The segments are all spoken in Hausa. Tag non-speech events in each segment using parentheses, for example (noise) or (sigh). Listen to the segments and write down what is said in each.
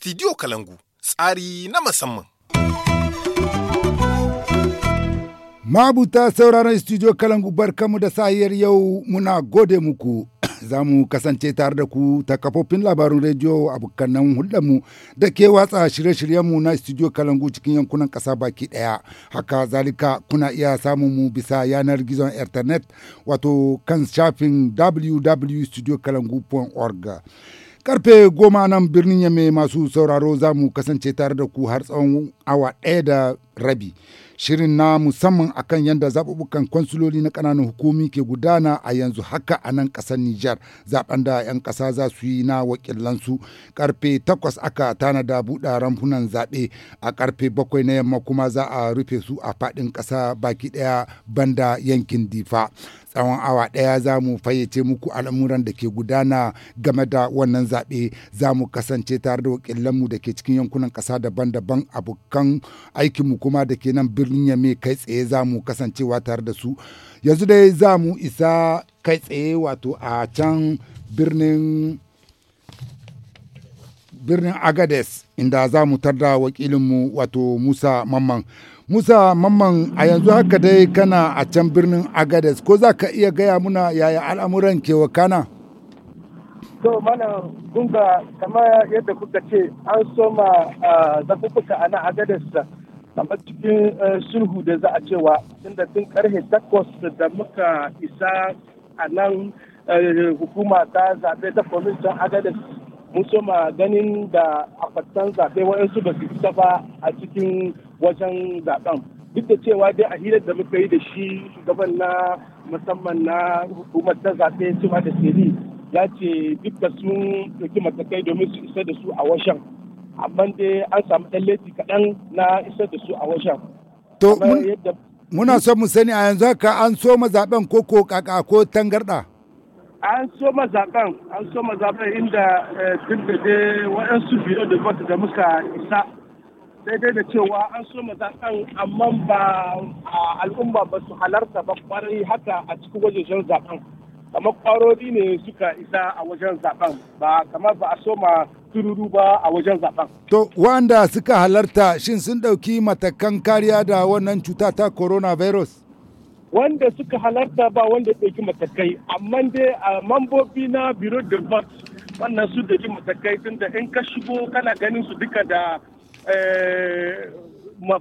Studio Kalangu tsari na musamman. Mabuta sauraron Studio Kalangu barkamu da sahiyar yau muna gode muku. (coughs) Za mu kasance tare da ku ta kafofin labarun rediyo a abokanan hulɗarmu da ke watsa shirye-shiryenmu na studio kalangu cikin yankunan ƙasa baki ɗaya. Haka zalika kuna iya samun mu bisa yanar gizon internet wato kan shafin www.studiokalangu.org. Karfe goma nan birnin Yame masu sauraro za mu kasance tare da ku har tsawon awa ɗaya da rabi. Shirin na musamman akan yadda zaɓuɓɓukan kwansuloli na ƙananan hukumi ke gudana a yanzu haka a nan ƙasar Nijar zaɓen da 'yan ƙasa za su yi na wakilansu karfe takwas aka tanada buɗa ramfunan zaɓe a karfe bakwai na yamma kuma za a rufe su a faɗin ƙasa baki ɗaya banda yankin Difa. tsawon awa ɗaya za mu fayyace muku al'amuran da ke gudana game da wannan zaɓe za mu kasance tare da wakilanmu da ke cikin yankunan ƙasa daban-daban abokan aikinmu kuma da ke nan birnin yame kai tsaye za mu kasancewa tare da su yanzu dai za mu isa kai tsaye wato a can birnin birnin agades inda za mu tarda wakilinmu wato musa mamman Musa Mamman a yanzu haka dai kana a can birnin Agades ko za ka iya gaya muna yaya al'amuran ke wakana? To mana gunga kamar yadda kuka ce an soma zafufuka a nan Agades kamar cikin eh, sulhu da za a cewa inda tun karhe takwas da muka isa a nan eh, hukuma ta zaɓe ta kwamitin Agades mun soma ganin da akwatan zaɓe wayansu ba su ba a cikin wajen zaben duk da cewa dai a hirar da muka yi da shi shugaban na musamman na hukumar ta zaɓe cewa da seri ya ce duk da sun ɗauki matakai domin su isa da su a washen amma dai an samu ɗan laifi kaɗan na isa da su a washen. To muna son mu sani a yanzu haka an so mazaɓen ko ko kaka ko tangarɗa. an so mazaɓen an so mazaɓen inda eh, duk da dai waɗansu biyo da da muka isa daidai da cewa an so zaɓen amma ba al'umma ba su halarta ba kwarai haka a cikin wajen zaɓen kamar kwarori ne suka isa a wajen zaɓen ba kamar ba a soma tururu ba a wajen zaɓen. To wanda suka halarta shin sun ɗauki matakan kariya da wannan cuta ta coronavirus? Wanda suka halarta ba wanda ɗauki matakai amma dai a mambobi na biro de wannan su ɗauki matakai tunda in ka shigo kana ganin su duka da Eh,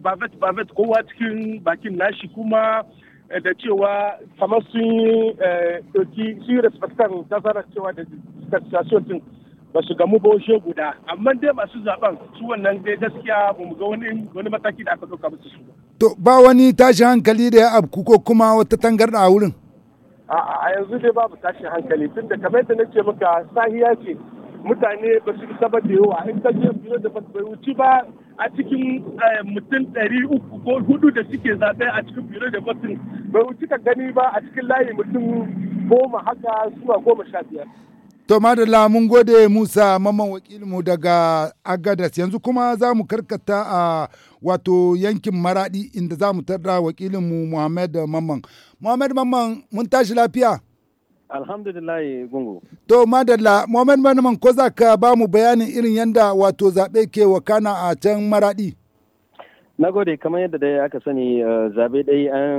bavet bavet kowa cikin bakin nashi kuma eh, da cewa kamar sun yi doki eh, sun yi respectan tazarar cewa da station din ba su gamu ba wasu guda amma dai masu zaben su wannan dai gaskiya ba mu ga wani wani mataki da aka ɗauka musu su ba. to ba wani tashi hankali da ya abku ko kuma wata tangarɗa a wurin. a yanzu dai babu tashi hankali tunda da kamar yadda na ce maka sahiya ce mutane ba su isa da yawa in ka je fiye da bai wuci ba a cikin eh, mutum ɗari uku ko hudu da suke zaɓe a cikin fiye da fatin bai wuci ka gani ba a cikin layi mutum goma haka zuwa goma sha biyar. To madalla mun gode Musa mamman wakilinmu daga Agadas yanzu kuma za mu karkata a wato yankin Maradi inda za mu tarda wakilinmu Muhammad Mamman. Muhammad Mamman mun tashi lafiya? Alhamdulillah gungu. To madalla Muhammad Manaman ko za ka ba mu bayanin irin yanda wato zaɓe ke wakana a can maraɗi? Na gode kamar yadda dai aka sani uh, zaɓe dai an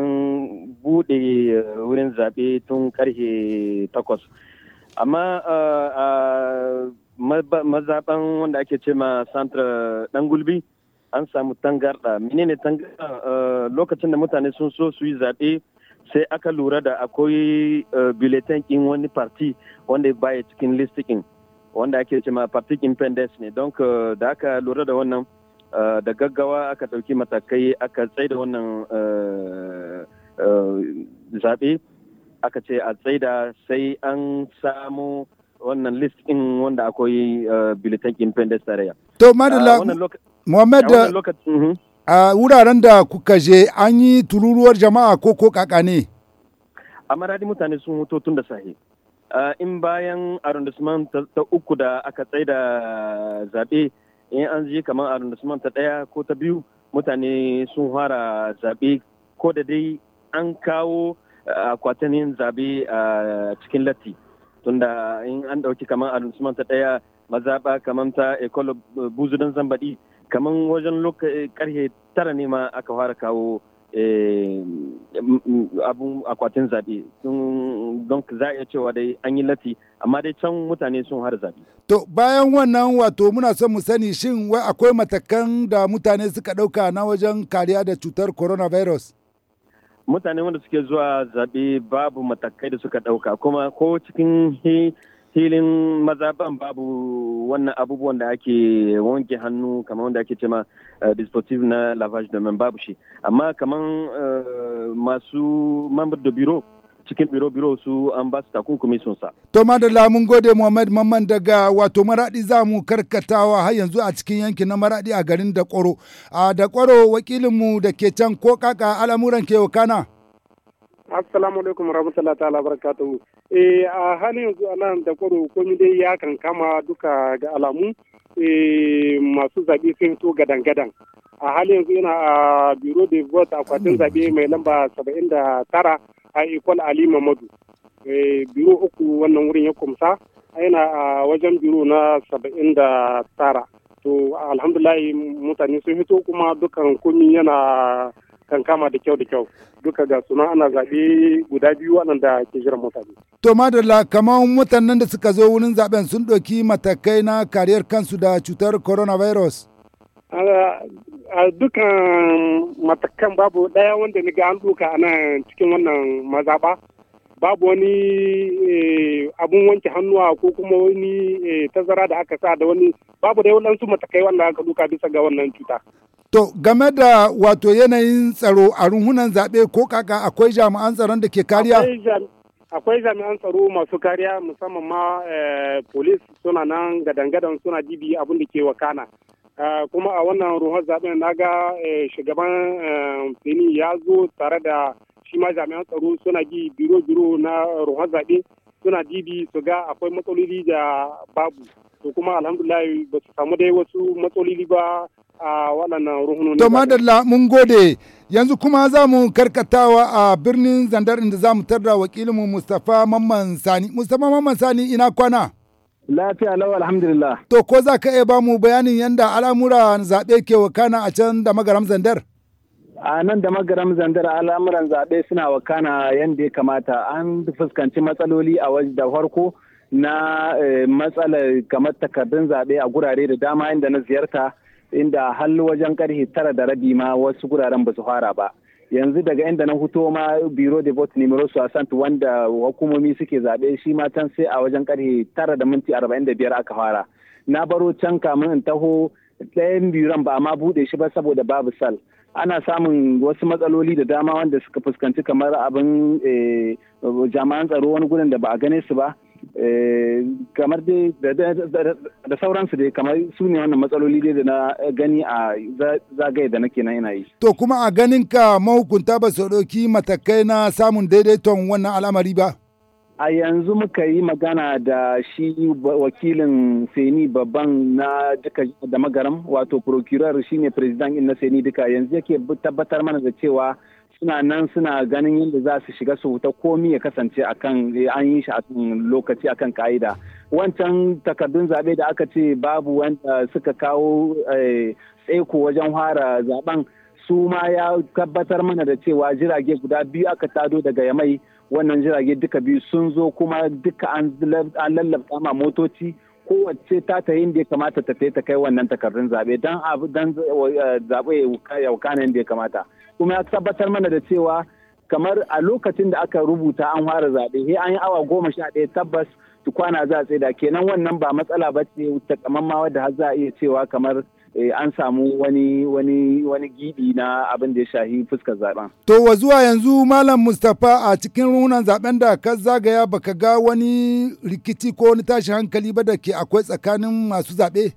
buɗe uh, wurin zaɓe tun karhe takwas. Amma uh, mazaɓen wanda ake ce ma santra ɗan gulbi an samu tangarɗa. Menene tangarɗa lokacin da mutane sun so su yi zaɓe sai aka lura da akwai eh, bulletin in wani parti wanda baya cikin listikin wanda ake cema party independence ne don da aka lura da wannan eh, da gaggawa aka ɗauki matakai aka tsaida wannan eh, zaɓe aka ce a tsaida sai an samu wannan list in wanda akwai bulletin independence area. To, madala Muhammad, a wuraren da kuka je an yi tururuwar jama'a ko ko kaka ne a maradi mutane sun hoto tun da sahi in bayan arrondissement ta uku da aka tsaye da zaɓe in an je kamar arrondissement ta ɗaya ko ta biyu mutane sun fara zaɓe ko da dai an kawo yin zaɓe a cikin latti tunda in an ɗauki kamar arrondissement ta ɗaya mazaɓa kamar ta ecole buzudan zambaɗi kamar wajen eh, karfe tara ne ma aka fara kawo eh, abun akwatin zaɓe don za iya cewa dai an yi lati amma dai can mutane sun har zaɓe. To bayan wannan wato muna son mu sani shin wai akwai matakan da mutane suka ɗauka na wajen kariya da cutar coronavirus? Mutane wanda suke zuwa zaɓe babu matakai da suka ɗauka kuma ko cikin filin mazaban babu wannan abubuwan da ake wanke hannu kamar wanda ake cema eh, dispositif na lavage da babu shi amma kamar eh, masu mambar da biro cikin biro-biro su an ba su takunkumi sun sa. To madalla mun gode Muhammad Mamman daga wato Maradi za mu karkatawa har yanzu a cikin yanki na Maradi a garin da kwaro. A da kwaro wakilinmu da ke can ko kaka al'amuran ke wakana. Assalamu alaikum warahmatullahi ta'ala barakatuhu. eh a halin yanzu a nan da kwaro komi dai ya kama duka ga alamu eh, masu zaɓe sun fito gadan-gadan a halin yanzu yana a biro de vote akwatin zaɓe mai lamba 79 a ikon ali mamadu eh, biro uku wannan wurin ya kumsa yana a wajen biro na 79 to alhamdulahi mutane sun fito kuma dukan komi yana kan kama da kyau da kyau duka ga suna ana zaɓe guda biyu waɗanda ke jiran mutane. To madalla kamar mutanen da suka zo wurin zaɓen sun ɗauki matakai na kariyar kansu da cutar coronavirus. A dukan matakan babu ɗaya wanda ni ga an duka a cikin wannan mazaɓa. Babu wani eh, abun wanke hannuwa ko kuma wani eh, tazara da aka sa da wani babu dai waɗansu matakai wanda aka duka bisa ga wannan cuta. To game da wato yanayin tsaro a runhunan zaɓe ko kaka akwai jami'an tsaron da ke kariya? Akwai jami'an tsaro masu kariya musamman ma eh, polis suna nan gadangadan suna dibi abin da ke wakana. Eh, kuma a wannan ruwan zaɓen na ga eh, shugaban fini ya zo tare da shi ma jami'an tsaro suna bi biro-biro na ruwan zaɓe suna dibi su ga akwai matsaloli da babu. To kuma alhamdulillah ba su samu dai wasu matsaloli ba a waɗannan ruhunoni. To madalla mun gode yanzu kuma za mu karkatawa a birnin zandar inda za mu tarda wakilinmu Mustapha Mamman Sani. Mustapha Mamman Sani ina kwana? Lafiya lau alhamdulillah. To ko za ka iya ba mu bayanin yanda al'amura zaɓe ke wakana a can da magaram zandar? a nan da magaram zandar al'amuran zaɓe suna wakana yadda ya kamata an fuskanci matsaloli a waje da farko na eh, matsalar kamar takardun zaɓe a gurare da dama inda na ziyarta inda har wajen karfe tara da rabi ma wasu guraren ba su fara ba yanzu daga inda na huto ma biro de vote numero 60 wanda hukumomi suke zaɓe shi ma can sai a wajen karfe tara da minti arba'in da biyar aka fara na baro can kamin in taho ɗayan biran ba ma buɗe shi ba saboda babu sal ana samun wasu matsaloli da dama wanda suka fuskanci kamar abin eh, jama'an tsaro wani gudun da ba a gane su ba Eh, kamar dai da sauransu dai kamar su ne wannan matsaloli dai da na gani a zagaye da nake na yana yi. To kuma a ganin ka mahukunta ba su ɗauki matakai na samun daidaiton wannan al'amari ba? A yanzu muka yi magana da shi wakilin Seni babban na duka da magaram wato shi shine president na Seni duka yanzu yake tabbatar mana da cewa suna nan suna ganin yadda za su shiga su wuta komi ya kasance akan an yi shi a lokaci akan ka'ida wancan takardun zaɓe da aka ce babu wanda suka kawo eh, tseko wajen hara zaben su ma ya tabbatar mana da cewa jirage guda biyu aka tado daga yamai wannan jirage duka biyu sun zo kuma duka an lallabta ma motoci kowace ta ta da ya kamata ta ta kai wannan takardun zaɓe don eh, zaɓe ya wuka nan da ya kamata. kuma ya tabbatar mana da cewa kamar a lokacin da aka rubuta an fara zaɓe sai an yi awa goma sha ɗaya tabbas tukwana za a tsaida kenan wannan ba matsala ba ce takamamma wadda har za a iya cewa kamar eh, an samu wani wani wani gidi na abin da ya shahi fuskar zaben. To wa zuwa yanzu Malam Mustapha a cikin runan zaben da ka zagaya baka ga wani rikici ko wani tashi hankali ba da ke akwai tsakanin masu zaɓe?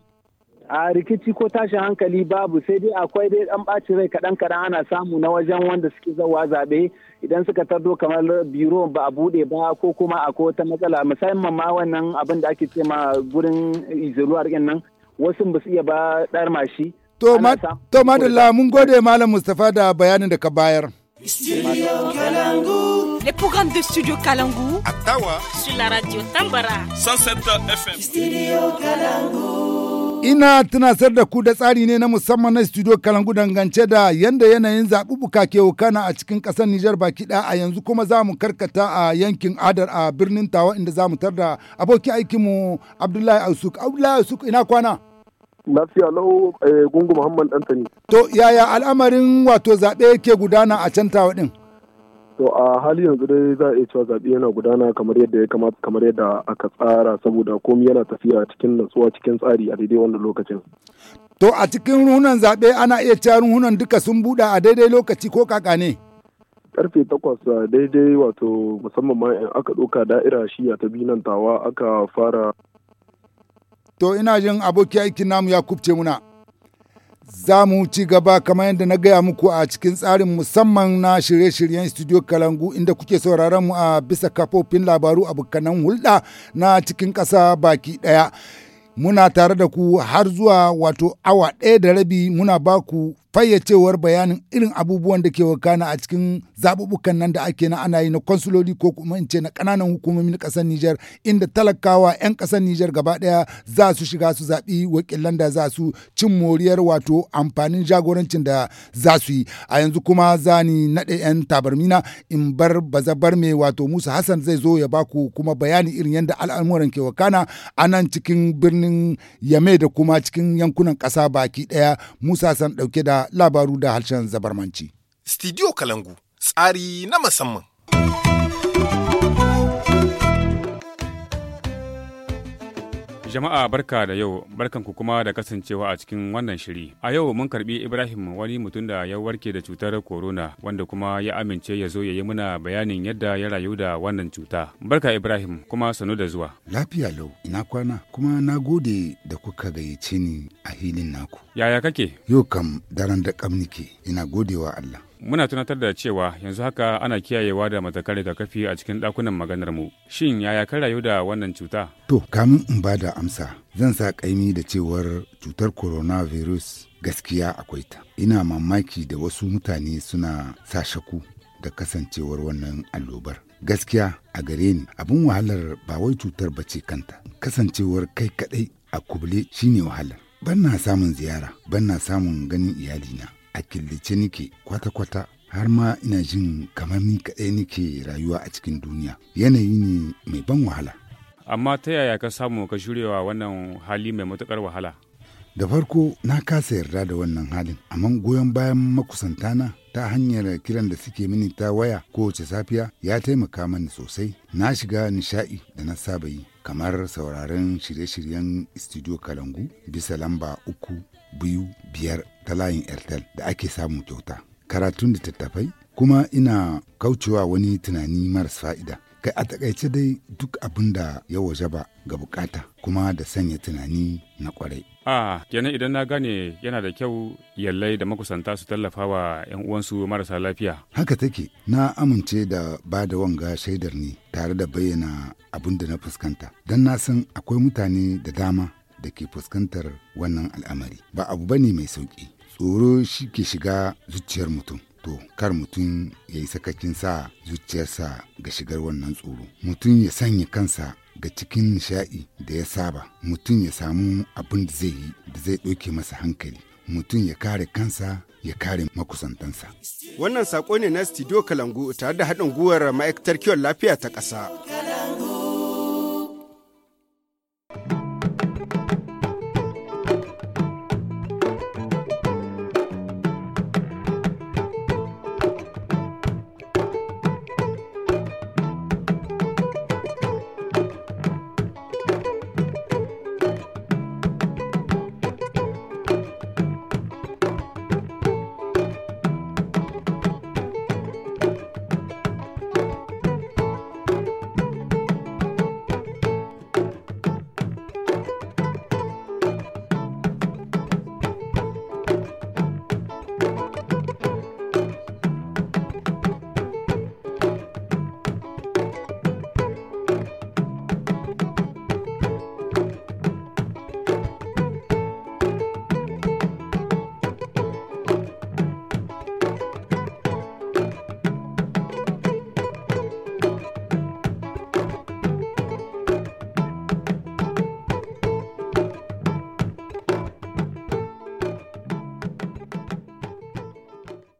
a rikici ko tashin hankali babu sai dai akwai dai dan bacin rai kadan kadan ana samu na wajen wanda suke zawa zaɓe idan suka tardo kamar biro ba a bude ba ko kuma akwai wata matsala musamman ma wannan abin da ake ce ma gurin izaluwar nan wasu ba su iya ba dar mashi. To, madalla mun gode Malam Mustapha da bayanin da ka bayar. Studio Kalangu. Les programmes de Studio Kalangu. Attawa. Sur la radio Tambara. 107 FM. Studio Kalangu. Ina tunasar da ku da tsari ne na musamman na studio Kalangu dangance da yanda yanayin zaɓuɓɓuka ke wakana a cikin ƙasar Nijar baki ɗaya a yanzu kuma za mu karkata a yankin Adar a birnin Tawa inda za mu tar da abokin aikinmu Abdullahi Ausuk. Abdullahi Ausuk ina kwana? Lafiya lau eh, gungu Muhammad Dantani. To yaya al'amarin wato zaɓe ke gudana a can Tawa ɗin? to a hali yanzu dai za a iya cewa zaɓe yana gudana kamar yadda ya kamata kamar yadda aka tsara saboda komi yana tafiya cikin natsuwa cikin tsari a daidai wannan lokacin to a cikin runan zaɓe ana iya cewa runan duka sun buɗe a daidai lokaci ko kaka ne karfe takwas daidai wato musamman ma in aka ɗauka da'ira shiya ta binan tawa aka fara to ina jin abokin aikin namu ya kubce muna za mu ci gaba kamar yadda na gaya muku a cikin tsarin musamman na shirye-shiryen studio kalangu inda kuke sauraron mu a bisa kafofin labaru a abokanan hulɗa na cikin ƙasa baki ɗaya muna tare da ku har zuwa wato awa ɗaya da rabi muna baku fayyacewar bayanin irin abubuwan da ke wakana a cikin zaɓuɓɓukan nan da ake na ana yi na konsuloli ko kuma in ce na ƙananan hukumomin ƙasar Nijar inda talakawa 'yan ƙasar Nijar gaba ɗaya za su shiga su zaɓi wakilan da za su cin moriyar wato amfanin jagorancin da za su yi a yanzu kuma za ni naɗe 'yan tabarmina in bar baza bar me wato Musa Hassan zai zo ya baku kuma bayani irin yadda al'amuran ke wakana a nan cikin birnin Yame da kuma cikin yankunan ƙasa baki ɗaya Musa Hassan ɗauke da labaru da harshen zabarmanci. Studio Kalangu, tsari na musamman. Jama'a barka da yau, barkan ku kuma da kasancewa a cikin wannan shiri. A yau mun karbi Ibrahim wani mutum da ya warke da cutar corona wanda kuma ya amince ya zo ya yi muna bayanin yadda ya rayu da wannan cuta. Barka Ibrahim kuma sanu da zuwa. Lafiya lau, ina kwana kuma na gode da kuka gayyace ni a hilin naku. Yaya kake? Yau kam daren da kam nike, ina godewa Allah. Muna tunatar da cewa yanzu haka ana kiyayewa da matakan rigakafi a cikin ɗakunan maganar mu. Shin yaya ka rayu da wannan cuta? To, kamin in ba da amsa, zan sa kaimi da cewar cutar coronavirus gaskiya akwai ta. Ina mamaki da wasu mutane suna sa shaku da kasancewar wannan allobar. Gaskiya a gare ni abin wahalar ba wai cutar bace kanta, kasancewar kai kaɗai a kubule shine wahalar. Ban na samun ziyara, ban na samun ganin iyalina. a killace nike kwata-kwata har ma ina jin kamar ni kaɗai nike rayuwa a cikin duniya yanayi ne mai ban wahala amma ta yaya ka samu ka shirya wannan hali mai matuƙar wahala da farko na kasa yarda da wannan halin amma goyon bayan makusantana ta hanyar kiran da suke mini ta waya kowace safiya ya taimaka mani sosai na shiga nishaɗi da na saba yi kamar sauraron shirye-shiryen studio kalangu bisa lamba uku biyu biyar ta layin airtel da ake samu kyauta karatun da tattafai kuma ina kaucewa wani tunani maras fa'ida kai a takaice dai duk abin da ya waje ba ga bukata kuma da sanya tunani na kwarai. a kenan idan na gane yana da kyau yallai da makusanta su tallafa wa 'yan uwansu marasa lafiya haka take na amince da ba da wanga shaidar ne tare da bayyana abin da na fuskanta don na san akwai mutane da dama da ke fuskantar wannan al'amari ba abu ba ne mai sauƙi tsoro shi ke shiga zuciyar mutum to kar mutum ya yi sakacin sa zuciyarsa ga shigar wannan tsoro mutum ya sanya kansa ga cikin nishaɗi da ya saba mutum ya samu abin da zai yi da zai ɗauke masa hankali mutum ya kare kansa ya kare makusantansa. Wannan sako ne na Studio Kalangu tare da haɗin gwiwar ma'aikatar kiwon lafiya ta ƙasa.